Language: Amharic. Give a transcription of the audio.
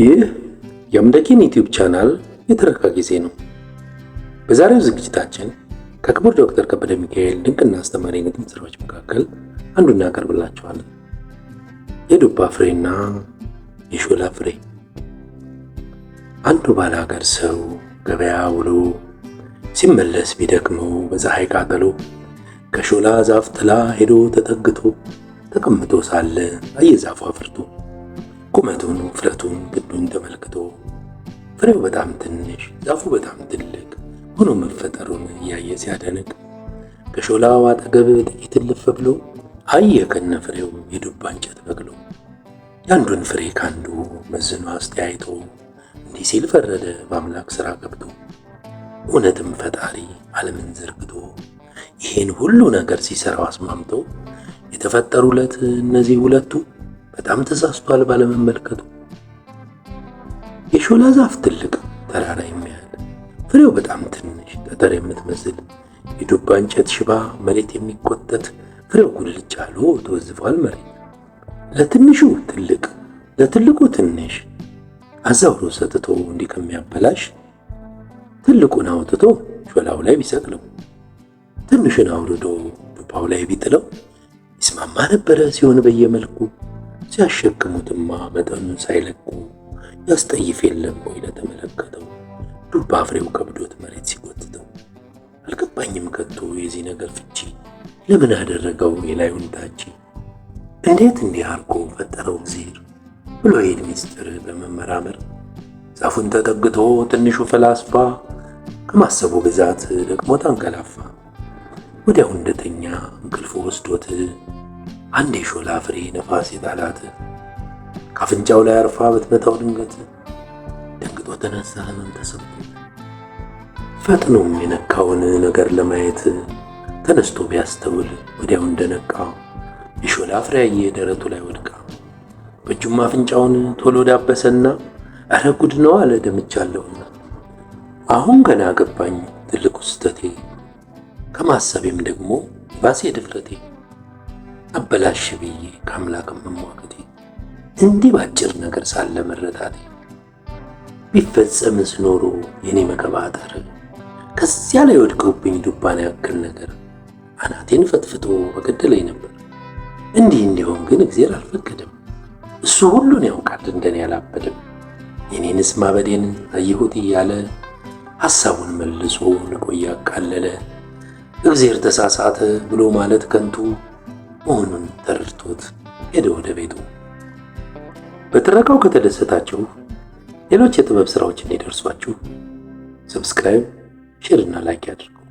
ይህ የምደኪን ዩቲዩብ ቻናል የትረካ ጊዜ ነው። በዛሬው ዝግጅታችን ከክቡር ዶክተር ከበደ ሚካኤል ድንቅና አስተማሪ የግጥም ስራዎች መካከል አንዱ እናቀርብላቸዋለን። የዱባ ፍሬና የሾላ ፍሬ። አንዱ ባለ ሀገር ሰው ገበያ ውሎ ሲመለስ ቢደክመው በፀሐይ ቃጠሎ ከሾላ ዛፍ ጥላ ሄዶ ተጠግቶ ተቀምጦ ሳለ አየዛፏ ፍርቱ ቁመቱን ውፍረቱን ፍሬው በጣም ትንሽ፣ ዛፉ በጣም ትልቅ ሆኖ መፈጠሩን እያየ ሲያደንቅ ከሾላው አጠገብ ጥቂት ልፍ ብሎ አየ ከነ ፍሬው የዱባ እንጨት በቅሎ የአንዱን ፍሬ ካንዱ መዝኖ አስተያይቶ እንዲህ ሲል ፈረደ በአምላክ ሥራ ገብቶ እውነትም ፈጣሪ ዓለምን ዘርግቶ ይህን ሁሉ ነገር ሲሰራው አስማምቶ የተፈጠሩለት እነዚህ ሁለቱ በጣም ተሳስቷል ባለመመልከቱ የሾላ ዛፍ ትልቅ ተራራ የሚያህል ፍሬው በጣም ትንሽ ጠጠር የምትመስል የዱባ እንጨት ሽባ መሬት የሚቆጠት ፍሬው ጉልጭ አሉ ተወዝፏል መሬት። ለትንሹ ትልቅ ለትልቁ ትንሽ አዛውሮ ሰጥቶ እንዲህ ከሚያበላሽ ትልቁን አውጥቶ ሾላው ላይ ቢሰቅለው ትንሹን አውርዶ ዱባው ላይ ቢጥለው ይስማማ ነበረ ሲሆን በየመልኩ ሲያሸክሙትማ መጠኑን ሳይለቁ ያስጠይፍ የለም ወይ ለተመለከተው ዱባ ፍሬው ከብዶት መሬት ሲጎትተው አልገባኝም ከቶ የዚህ ነገር ፍቺ ለምን አደረገው የላዩን ታች እንዴት እንዲህ አርጎ ፈጠረው እግዜር ብሎ ይሄድ ሚስጥር በመመራመር ዛፉን ተጠግቶ ትንሹ ፈላስፋ ከማሰቡ ብዛት ደግሞ ታንቀላፋ ወዲያው እንደተኛ እንቅልፍ ወስዶት አንድ የሾላ ፍሬ ነፋስ የጣላት ከአፍንጫው ላይ አርፋ ብትመታው ድንገት ደንግጦ ተነሳ። ህመም ተሰምቶ ፈጥኖም የነካውን ነገር ለማየት ተነስቶ ቢያስተውል ወዲያው እንደነቃ የሾላ ፍሬያዬ ደረቱ ላይ ወድቃ በእጁም አፍንጫውን ቶሎ ዳበሰና እረ ጉድ ነው አለ ደምቻለሁና። አሁን ገና ገባኝ ትልቁ ስህተቴ፣ ከማሰቤም ደግሞ ባሴ ድፍረቴ አበላሽ ብዬ ከአምላክም መሟገቴ እንዲህ ባጭር ነገር ሳለ መረዳት ቢፈጸምስ ኖሮ የኔ መቀባጠር ከዚያ ላይ ወድቀውብኝ ዱባን ያክል ነገር አናቴን ፈጥፍጦ በገደለኝ ነበር። እንዲህ እንዲሆን ግን እግዜር አልፈቀደም። እሱ ሁሉን ያውቃል፣ እንደኔ ያላበደም። የኔንስ ማበዴን አየሁት እያለ ሐሳቡን መልሶ ንቆ እያቃለለ እግዜር ተሳሳተ ብሎ ማለት ከንቱ መሆኑን ተረድቶት ሄደ ወደ ቤቱ። በትረካው ከተደሰታችሁ ሌሎች የጥበብ ስራዎች እንዲደርሷችሁ ሰብስክራይብ፣ ሼርና ላይክ ያድርጉ።